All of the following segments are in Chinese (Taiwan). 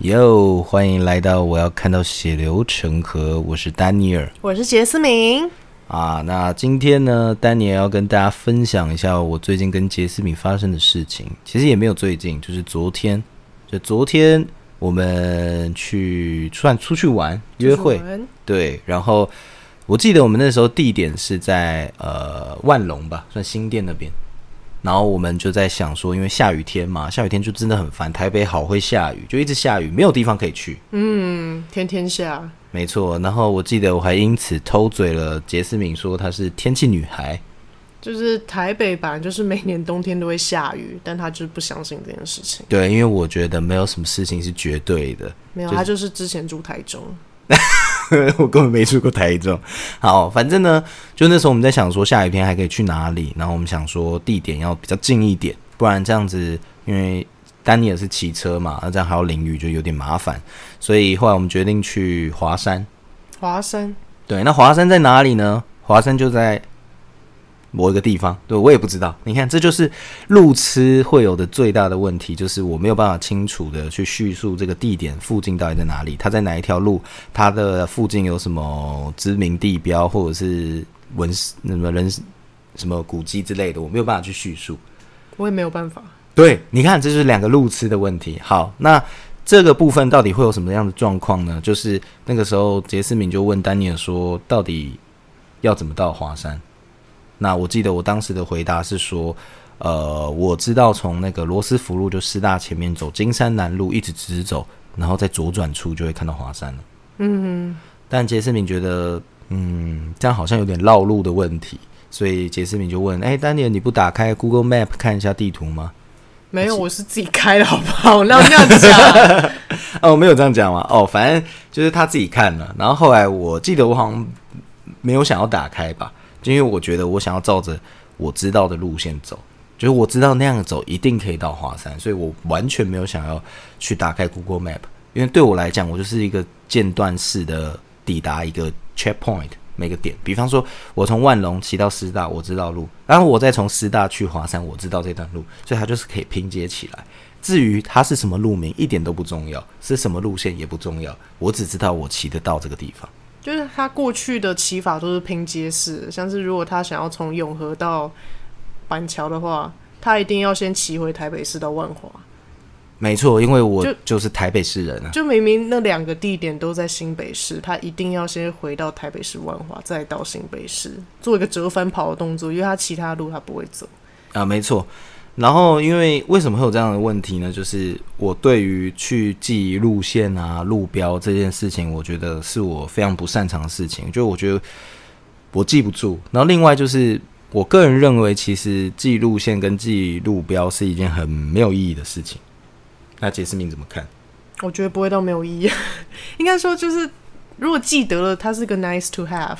喲，Yo, 歡迎來到我要看到血流成河。我是丹尼爾，我是杰斯明。啊，那今天呢，丹尼爾要跟大家分享一下我最近跟杰斯明發生的事情。其實也沒有最近，就是昨天，就昨天我們去算出去玩約會，對。然後我記得我們那時候地點是在呃萬隆吧，算新店那邊。然後我們就在想說，因為下雨天嘛，下雨天就真的很煩。台北好會下雨，就一直下雨，沒有地方可以去。嗯，天天下，沒錯。然後我記得我還因此偷嘴了杰思敏，說她是天氣女孩，就是台北版，就是每年冬天都會下雨，但她就是不相信這件事情。對，因為我覺得沒有什麼事情是絕對的。沒有，她、就是、就是之前住台中。 我根本沒去過台中，好，反正呢，就那時候我們在想說下雨天還可以去哪裡，然後我們想說地點要比較近一點，不然這樣子，因為丹尼也是騎車嘛，那、啊、這樣還要淋雨就有點麻煩，所以後來我們決定去華山。華山深？對，那華山在哪裡呢？華山就在。某一個地方，對，我也不知道。你看，這就是路痴會有的最大的問題，就是我沒有辦法清楚的去敘述這個地點附近到底在哪裡，它在哪一條路，它的附近有什麼知名地標或者是文什麼人什麼古蹟之類的，我沒有辦法去敘述。我也沒有辦法。對，你看，這就是兩個路痴的問題。好，那這個部分到底會有什麼樣的狀況呢？就是那個時候，傑斯敏就問丹尼爾說：“到底要怎麼到華山？”那我記得我當時的回答是說，呃，我知道從那個羅斯福路就師大前面走金山南路一直一直走，然後再左轉處就會看到華山了。嗯哼，但傑斯敏覺得，嗯，這樣好像有點繞路的問題，所以傑斯敏就問，哎、欸，丹尼爾，你不打開 Google Map 看一下地圖嗎？沒有，我是自己開的，好不好？我繞這樣子講，哦，沒有這樣講嘛，哦，反正就是他自己看了，然後後來我記得我好像沒有想要打開吧。就因為我覺得我想要照着我知道的路線走，就是我知道那樣的走一定可以到華山，所以我完全沒有想要去打開 Google Map，因為對我來講，我就是一個間斷式的抵達一個 checkpoint 每個點。比方說，我從萬隆騎到師大，我知道路，然後我再從師大去華山，我知道這段路，所以它就是可以拼接起來。至於它是什麼路名，一點都不重要，是什麼路線也不重要，我只知道我騎得到這個地方。就是他過去的騎法都是拼接式，像是如果他想要從永和到板橋的話，他一定要先騎回台北市到萬華。沒錯，因為我就是台北市人啊，就明明那兩個地點都在新北市，他一定要先回到台北市萬華，再到新北市做一個折返跑的動作，因為他其他路他不會走啊。沒錯。然後，因為為什麼會有這樣的問題呢？就是我對於去記憶路線啊、路標這件事情，我覺得是我非常不擅長的事情。就我覺得我記不住。然後，另外就是我個人認為，其實記憶路線跟記憶路標是一件很沒有意義的事情。那杰斯明你怎麼看？我覺得不會到沒有意義， 應該說就是如果記得了，它是個 nice to have。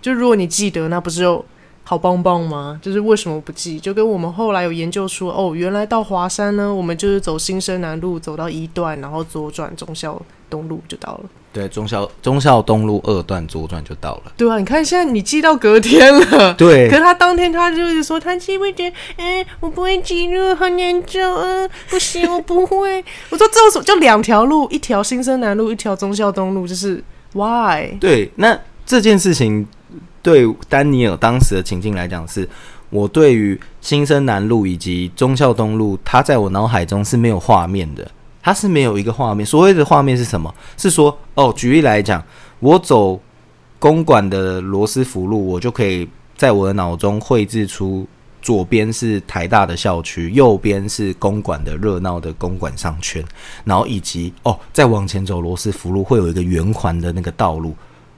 就如果你記得，那不是又。好棒棒嗎？就是為什麼不記？就跟我們後來有研究說，哦，原來到華山呢，我們就是走新生南路走到一段，然後左轉忠孝東路就到了。對，忠孝忠孝東路二段左轉就到了。對啊，你看現在你記到隔天了。對，可是他當天他就是說他記不記得？哎、欸，我不會記路，很嚴重啊！不行，我不會。 我說只有就兩條路，一條新生南路，一條忠孝東路，就是 why？對，那這件事情。對丹尼爾當時的情境來講是，是我對於新生南路以及忠孝東路，它在我腦海中是沒有畫面的，它是沒有一個畫面。所謂的畫面是什麼？是說哦，舉例來講，我走公館的羅斯福路，我就可以在我的腦中繪制出左邊是台大的校區，右邊是公館的熱鬧的公館商圈，然後以及哦，再往前走羅斯福路會有一個圓環的那個道路，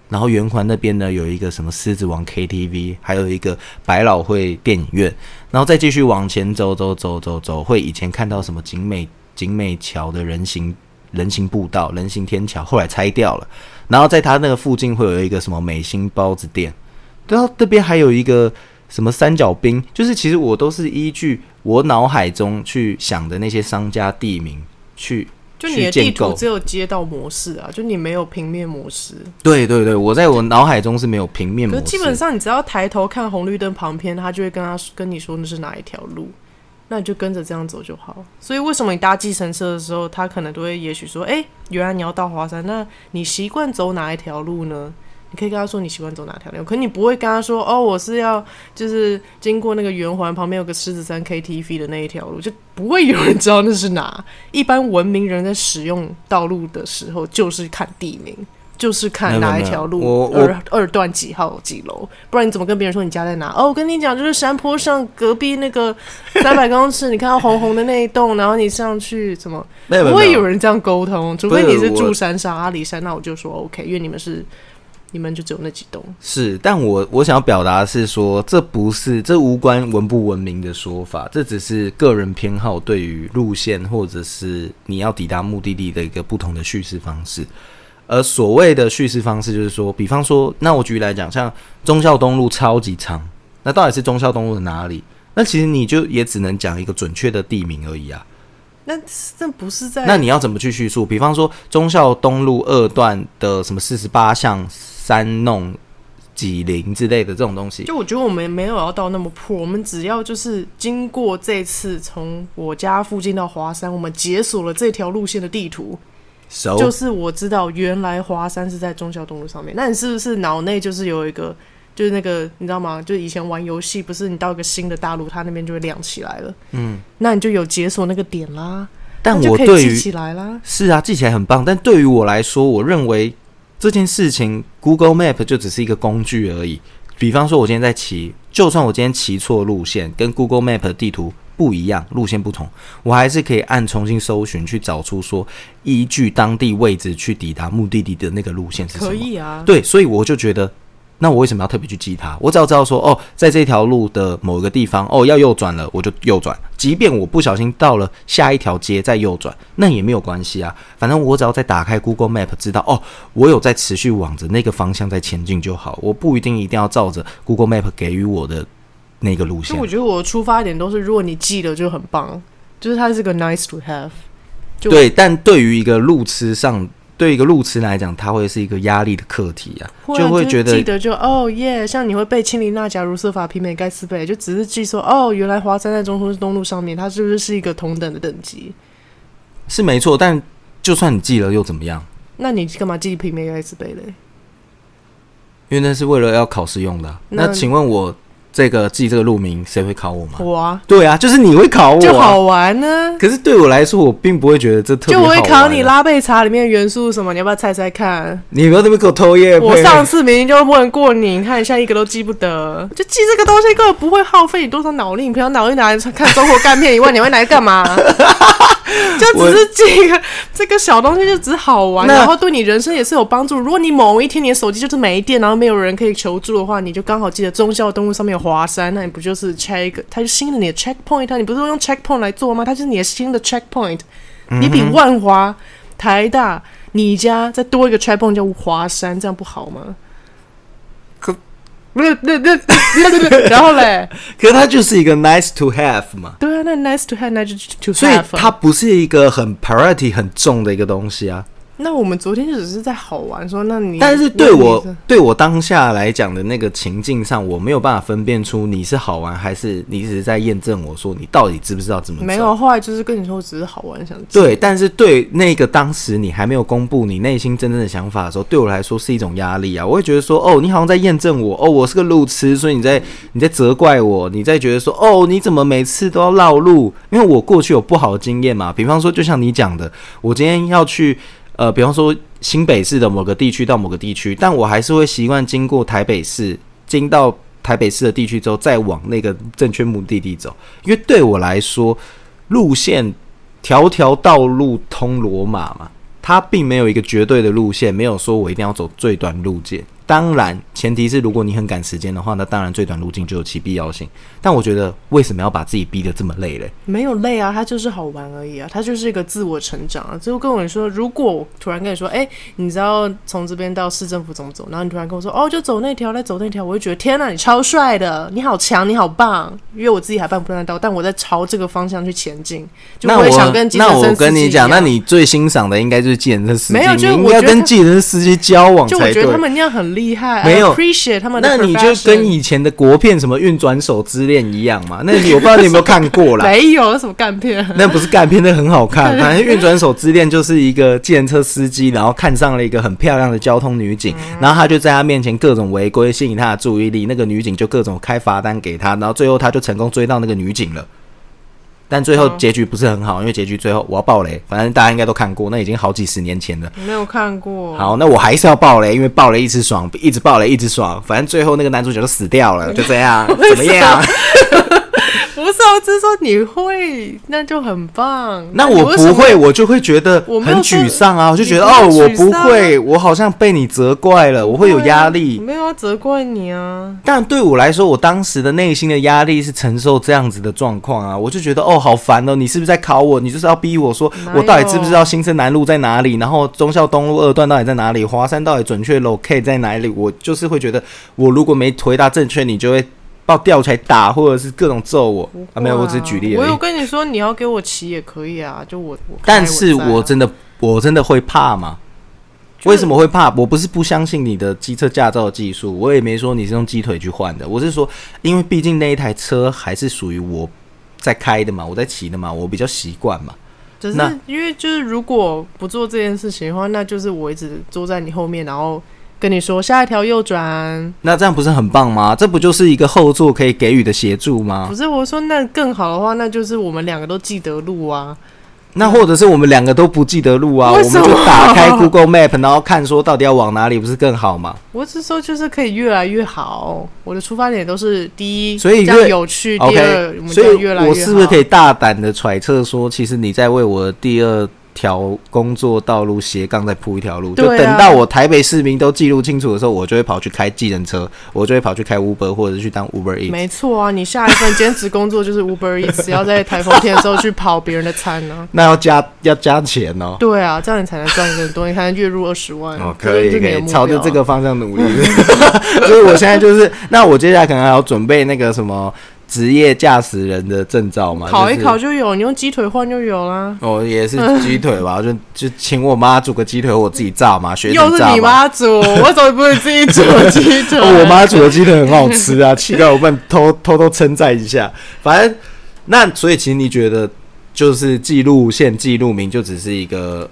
然後圓環那邊呢，有一個什麼獅子王 KTV，還有一個百老匯電影院。然後再繼續往前走，走，走，走走，會以前看到什麼景美景美橋的人行人行步道、人行天橋，後來拆掉了。然後在它那個附近會有一個什麼美心包子店，然後這邊還有一個什麼三角冰，就是其實我都是依據我腦海中去想的那些商家地名去。就你的地圖只有街道模式啊，就你沒有平面模式。對對對，我在我腦海中是沒有平面模式。基本上，你只要抬頭看紅綠燈旁邊，他就會跟他跟你說那是哪一條路，那你就跟着這樣走就好。所以，為什麼你搭計程車的時候，他可能都會也許說，誒、欸，原來你要到華山，那你習慣走哪一條路呢？你可以跟他說你喜歡走哪條路，可你不會跟他說哦，我是要就是經過那個圓環旁邊有個獅子山 KTV 的那一條路，就不會有人知道那是哪。一般文明人在使用道路的時候，就是看地名，就是看哪一條路沒有沒有二二段幾號幾樓，不然你怎麼跟別人說你家在哪？哦，我跟你講，就是山坡上隔壁那個三百公尺， 你看到紅紅的那一棟，然後你上去怎麼？沒有沒有不會有人這樣溝通，除非你是住山上阿里山，那我就說 OK，因為你們是。你們就只有那幾棟是，但我我想要表達的是說，這不是這無關文不文明的說法，這只是個人偏好對於路線或者是你要抵達目的地的一個不同的敘事方式。而所謂的敘事方式，就是說，比方說，那我舉例來講，像忠孝東路超級長，那到底是忠孝東路的哪裡？那其實你就也只能講一個準確的地名而已啊。那這不是在？那你要怎麼去敘述？比方說，忠孝東路二段的什麼四十八巷三弄幾零之類的這種東西，就我覺得我們沒有要到那麼破，我們只要就是經過這次從我家附近到華山，我們解鎖了這條路線的地圖 So, 就是我知道原來華山是在忠孝東路上面。那你是不是腦內就是有一個？就是那個，你知道嗎？就是以前玩遊戲，不是你到一個新的大陸，它那邊就會亮起來了。嗯，那你就有解鎖那個點啦。但我對於記起來啦，是啊，記起來很棒。但對於我來說，我認為這件事情，Google Map 就只是一個工具而已。比方說，我今天在騎，就算我今天騎錯路線，跟 Google Map 的地圖不一樣，路線不同，我還是可以按重新搜尋去找出說依據當地位置去抵達目的地的那個路線是什麼。可以啊，對，所以我就覺得。那我為什麼要特別去記它？我只要知道說，哦，在這條路的某一個地方，哦，要右轉了，我就右轉。即便我不小心到了下一條街再右轉，那也沒有關係啊。反正我只要再打開 Google Map，知道哦，我有在持續往着那個方向在前進就好。我不一定一定要照着 Google Map 給予我的那個路線。其實我覺得我的出發點都是，如果你記得就很棒，就是它是個 nice to have。對，我但對於一個路痴上。對一個路痴來講，它會是一個壓力的課題啊，就會覺得、啊就是、記得就哦耶，oh, yeah, 像你會背青林那假如設法媲美蓋茨比，就只是記說哦，oh, 原來華山在中通東路上面，它是不是是一個同等的等級？是沒錯，但就算你記了又怎麼樣？那你干嘛記媲美蓋茨比嘞？因為那是為了要考試用的。那，那請問我。這個記這個路名，誰會考我嗎？我啊，對啊，就是你會考我、啊，就好玩呢、啊。可是對我來說，我並不會覺得這特別好玩、啊、就我會考你拉貝茶裡面的元素是什麼？你要不要猜猜看？你有沒有這麼給我偷耶！我上次明明就問過你，看你，一你看你現在一個都記不得，就記這個東西，根本不會耗費你多少腦力。你平常腦力拿來看中國干片以外， 你會拿來幹嘛？ 就只是這個這個小東西，就只好玩，我 然後對你人生也是有幫助。如果你某一天你的手機就是沒電，然後沒有人可以求助的話，你就剛好記得忠孝東路上面有華山，那你不就是拆一個？它是新的你的 checkpoint、啊、你不是用 checkpoint 來做嗎？它就是你的新的 checkpoint，你比萬華、臺大、你家再多一個 checkpoint 叫華山，這樣不好嗎？不是那那那那那，然後嘞？可是他就是一個 nice to have 嘛。對啊，那 nice to have，那就就就。所以它不是一個很 priority 很重的一個東西啊。那我們昨天就只是在好玩說，說那你，但是對我是對我當下來講的那個情境上，我沒有辦法分辨出你是好玩還是你只是在驗證我說你到底知不知道怎麼走。沒有，後來就是跟你說我只是好玩想。對，但是對那個當時你還沒有公佈你內心真正的想法的時候，對我來說是一種壓力啊！我會覺得說，哦，你好像在驗證我，哦，我是個路癡，所以你在你在責怪我，你在覺得說，哦，你怎麼每次都要繞路？因為我過去有不好的經驗嘛，比方說，就像你講的，我今天要去。呃，比方說新北市的某個地區到某個地區，但我還是會習慣經過台北市，經到台北市的地區之後，再往那個正確目的地走。因為對我來說，路線條條道路通羅馬嘛，它並沒有一個絕對的路線，沒有說我一定要走最短路線。當然，前提是如果你很趕時間的話，那當然最短路徑就有其必要性。但我覺得，為什麼要把自己逼得這麼累嘞？沒有累啊，他就是好玩而已啊，他就是一個自我成長啊。最後跟我說，如果我突然跟你說，哎、欸，你知道從這邊到市政府怎麼走？然後你突然跟我說，哦，就走那條，來走那條，我會覺得天吶、啊，你超帥的，你好強，你好棒，因為我自己還辦不到，但我在朝這個方向去前進，就會那我想跟那我，那我跟你講，那你最欣賞的應該就是計程車司機，沒有，就我你要跟計程車司機交往就我覺得他們那樣很累。厲害，沒有。appreciate 那你就跟以前的國片什麼《運轉手之戀》一樣嘛？那我不知道你有沒有看過啦？ 沒有，什麼干片？那不是干片，那很好看。反正《運轉手之戀》就是一個計程車司機，然後看上了一個很漂亮的交通女警，嗯、然後他就在他面前各種違規吸引他的注意力，那個女警就各種開罰單給他，然後最後他就成功追到那個女警了。但最後結局不是很好，哦、因為結局最後我要爆雷。反正大家應該都看過，那已經好幾十年前了。沒有看過。好，那我還是要爆雷，因為爆雷一直爽，一直爆雷一直爽。反正最後那個男主角都死掉了，就這樣， 我的手怎麼樣？ 不是，我是說你會，那就很棒。那,那我不會，我就會覺得很沮喪啊！我,我就覺得、啊、哦，我不會，我好像被你責怪了，會啊、我會有壓力。沒有要責怪你啊！但對我來說，我當時的內心的壓力是承受這樣子的狀況啊！我就覺得哦，好煩哦！你是不是在考我？你就是要逼我說，有我到底知不知道新生南路在哪裡？然後忠孝東路二段到底在哪裡？華山到底準確 location 在哪裡？我就是會覺得，我如果沒回答正確，你就會。把我吊起來打，或者是各種揍我會啊！啊、沒有，我只是舉例。我有跟你說你要給我騎也可以啊，就我，我，我、啊、但是，我真的，我真的會怕嗎？嗯，就是、為什麼會怕？我不是不相信你的機車駕照技術，我也沒說你是用雞腿去換的。我是說，因為畢竟那一台車還是屬於我在開的嘛，我在騎的嘛，我比較習慣嘛。就是那因為就是，如果不做這件事情的話，那就是我一直坐在你後面，然後。跟你說，下一條右轉。那這樣不是很棒嗎？這不就是一個後座可以給予的協助嗎？不是，我說那更好的話，那就是我們兩個都記得路啊。那或者是我們兩個都不記得路啊，我們就打開 Google Map，然後看說到底要往哪裡，不是更好嗎？我只是說，就是可以越來越好。我的出發點都是第一，所以越有趣。okay 第二，所以越來越好。我是不是可以大膽的揣測說，其實你在為我的第二？條工作道路斜槓再鋪一條路，啊、就等到我台北市民都記錄清楚的時候，我就會跑去開計程車，我就會跑去開 Uber 或者去當 Uber Eats。沒錯啊，你下一份兼職工作就是 Uber Eats，只 要在台風天的時候去跑別人的餐呢、啊。那要加要加錢哦。對啊，這樣你才能賺更多。你看月入二十萬哦，可以可以，朝着這個方向努力。所以 我現在就是，那我接下來可能還要準備那個什麼。職業駕駛人的證照嘛，考一考就有，就是、你用雞腿換就有啦、啊。哦，也是雞腿吧， 就就請我媽煮個雞腿，我自己炸嘛，學着炸。又是你媽煮， 我怎麼不會自己煮雞腿？ 我媽煮的雞腿很好吃啊，奇怪，我不能偷， 偷偷偷稱讚一下。反正那所以，其實你覺得就是記路線、記路名，就只是一個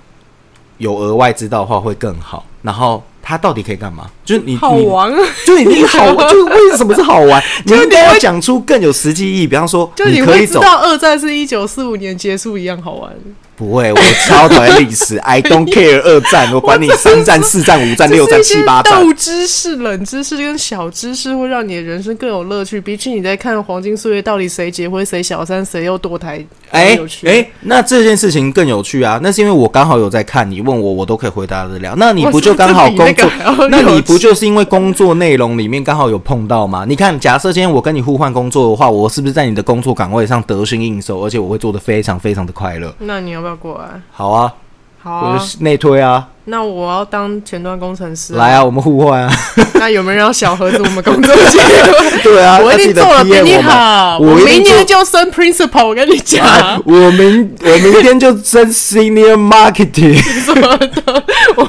有額外知道的話會更好，然後。他到底可以幹嘛？就是你，玩你，你好玩，就已經好，就為什麼是好玩？你應該要講出更有實際意義，比方說，就你可以你會知道二戰是一九四五年結束一樣好玩。不會，我超討厭歷史。 I don't care。二戰，我管你三戰、四戰、五戰、六戰、七八戰。豆知識、冷知識跟小知識，會讓你的人生更有樂趣。比起你在看《黃金歲月》，到底誰結婚、誰小三、誰又墮胎，哎、欸，哎、欸，那這件事情更有趣啊！那是因為我剛好有在看，你問我，我都可以回答得了。那你不就剛好工作？那，那你不就是因為工作內容裡面剛好有碰到嗎？你看，假設今天我跟你互換工作的話，我是不是在你的工作崗位上得心應手，而且我會做的非常非常的快樂？那你又？不要過來，好啊，好啊，我內推啊。那我要當前端工程師，來啊，我們互換啊。那有沒有讓小盒子我們工作去？對啊，我已經做了，你好，我明天就升 principal，我跟你講。我明我明天就升 senior marketing，什麼的，我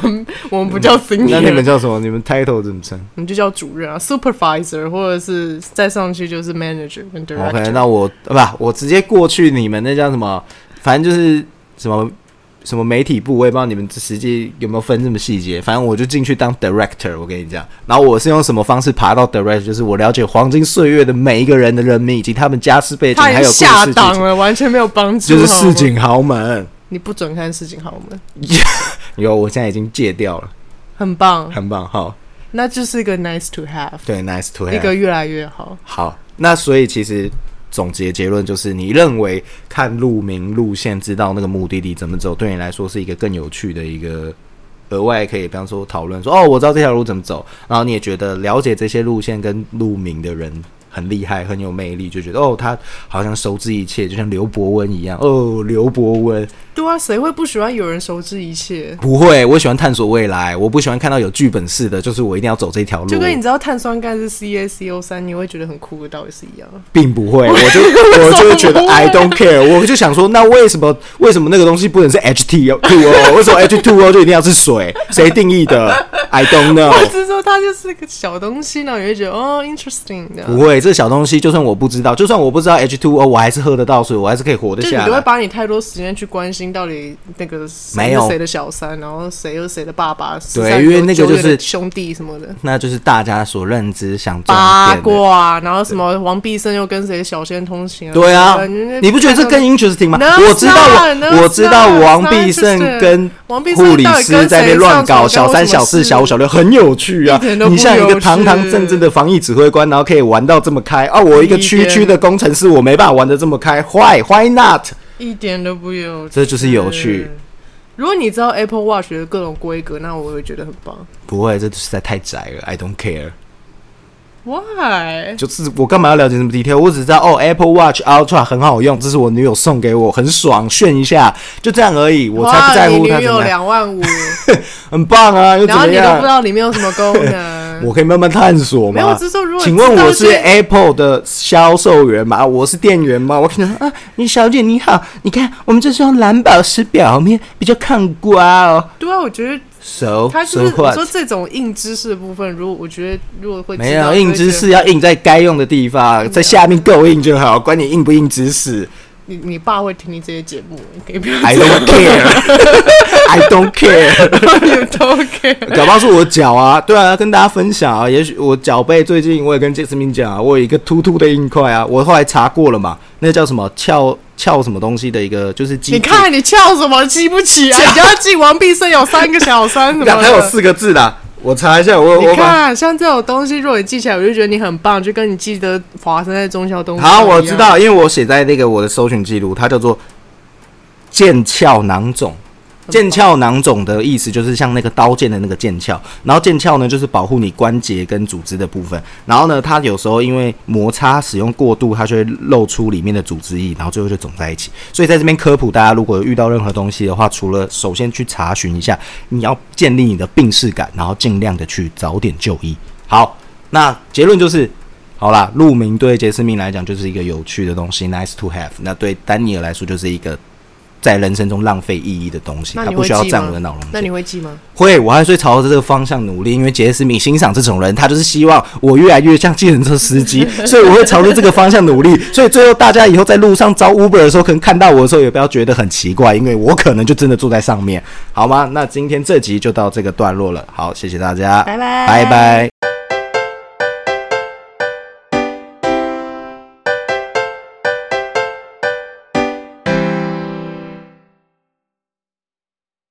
我們不叫 senior，那你們叫什麼？你們 title 怎麼稱？你就叫主任啊，supervisor，或者是再上去就是 manager。OK，那我不，我直接過去你們那叫什麼？反正就是。什麼什麼媒體部，我也不知道你們實際有沒有分這麼細節。反正我就進去當 director，我跟你講。然後我是用什麼方式爬到 director？就是我了解黃金歲月的每一個人的人名，以及他們家世背景，還有下檔了，完全沒有幫助。就是市井豪門，你不准看市井豪門。Yeah, 有，我現在已經戒掉了，很棒，很棒，好。那就是一個 to have, nice to have，對，nice to have，一個越來越好。好，那所以其實。總結結論就是，你認為看路名路線知道那個目的地怎麼走，對你來說是一個更有趣的一個額外，可以比方說討論說哦，我知道這條路怎麼走，然後你也覺得了解這些路線跟路名的人。很厲害，很有魅力，就覺得哦，他好像熟知一切，就像劉伯溫一樣。哦，劉伯溫，對啊，誰會不喜歡有人熟知一切？不會，我喜歡探索未來，我不喜歡看到有劇本式的就是我一定要走這條路。就跟你知道碳酸鈣是 CaCO 三，你會覺得很酷的道理是一樣，並不會，我就我就會覺得會 I don't care，我就想說，那為什麼為什麼那個東西不能是 H2O？ 為什麼 H2O 就一定要是水？誰 定義的？I don't know。我是說它就是個小東西呢，然後你會覺得哦 interesting。不會。這小東西，就算我不知道，就算我不知道 H two O，我還是喝得到水，我還是可以活得下來。就你不會把你太多時間去關心到底那個誰是誰的小三，有然後誰又是誰的爸爸？誰對因為那個就是兄弟什麼的，那就是大家所認知想的八卦，啊，然後什麼王必勝又跟誰小仙通情，啊？對啊，你不覺得這更 interesting 嗎？我知道我，我我知道王必勝跟。護理師在那邊亂搞，小三、小四、小五、小六很有趣啊！你像一個堂堂正正的防疫指揮官，然後可以玩到這麼開啊！我一個區區的工程師，我沒辦法玩得這麼開，Why? Why not? 一點都不有趣，這就是有趣。嗯、如果你知道 Apple Watch 的各種規格，那我會覺得很棒。不會，這實在太窄了，I don't care。Why? 就是我幹嘛要了解這麼 detail？我只知道哦，Apple Watch Ultra 很好用，這是我女友送給我，很爽，炫一下，就這樣而已。我才不在乎他。哇，你女友兩萬五， 很棒啊！又怎麼樣？然後你都不知道裡面有什麼功能， 我可以慢慢探索嘛。我是說，如果請問我是 Apple 的銷售員嘛？我是店員嘛？我可能說啊，你小姐你好，你看我們這雙藍寶石表面比較抗刮哦。對啊，我覺得。熟熟你說這種硬知識的部分，如果我覺得如果會沒有硬知識，要硬在該用的地方，有在下面夠硬就好，管你硬不硬知識。你你爸會聽你這些節目、欸、你不？I don't care, I don't care, I don't care。腳巴是我的腳啊，對啊，跟大家分享啊。也許我腳背最近我也跟杰斯明講啊，我有一個突突的硬塊啊。我後來查過了嘛，那叫什麼翹翹什麼東西的一個，就是你看你翹什麼，記不起啊？你要記王必勝有三個小三什麼的？ 還有四個字的、啊。我查一下，我看、啊、我看把，像這種東西，如果你記起來，我就覺得你很棒，就跟你記得華生在中校東西。好，我知道，因為我寫在那個我的搜尋記錄，它叫做腱鞘囊腫。腱鞘囊腫的意思就是像那個刀劍的那個劍鞘，然後腱鞘呢就是保護你關節跟組織的部分，然後呢它有時候因為摩擦使用過度，它就會露出裡面的組織液，然後最後就腫在一起。所以在這邊科普，大家如果遇到任何東西的話，除了首先去查詢一下，你要建立你的病識感，然後儘量的去早點就醫。好，那結論就是，好啦，路名對傑斯明來講就是一個有趣的東西，nice to have。那對丹尼爾來說就是一個。在人生中浪費意義的東西，他不需要占我的腦容量，那你會記嗎？會，記嗎？會，我還是會朝着這個方向努力。因為杰斯米欣賞這種人，他就是希望我越來越像計程車司機， 所以我會朝着這個方向努力。所以最後大家以後在路上招 Uber 的時候，可能看到我的時候也不要覺得很奇怪，因為我可能就真的坐在上面，好嗎？那今天這集就到這個段落了。好，謝謝大家，拜拜，拜拜。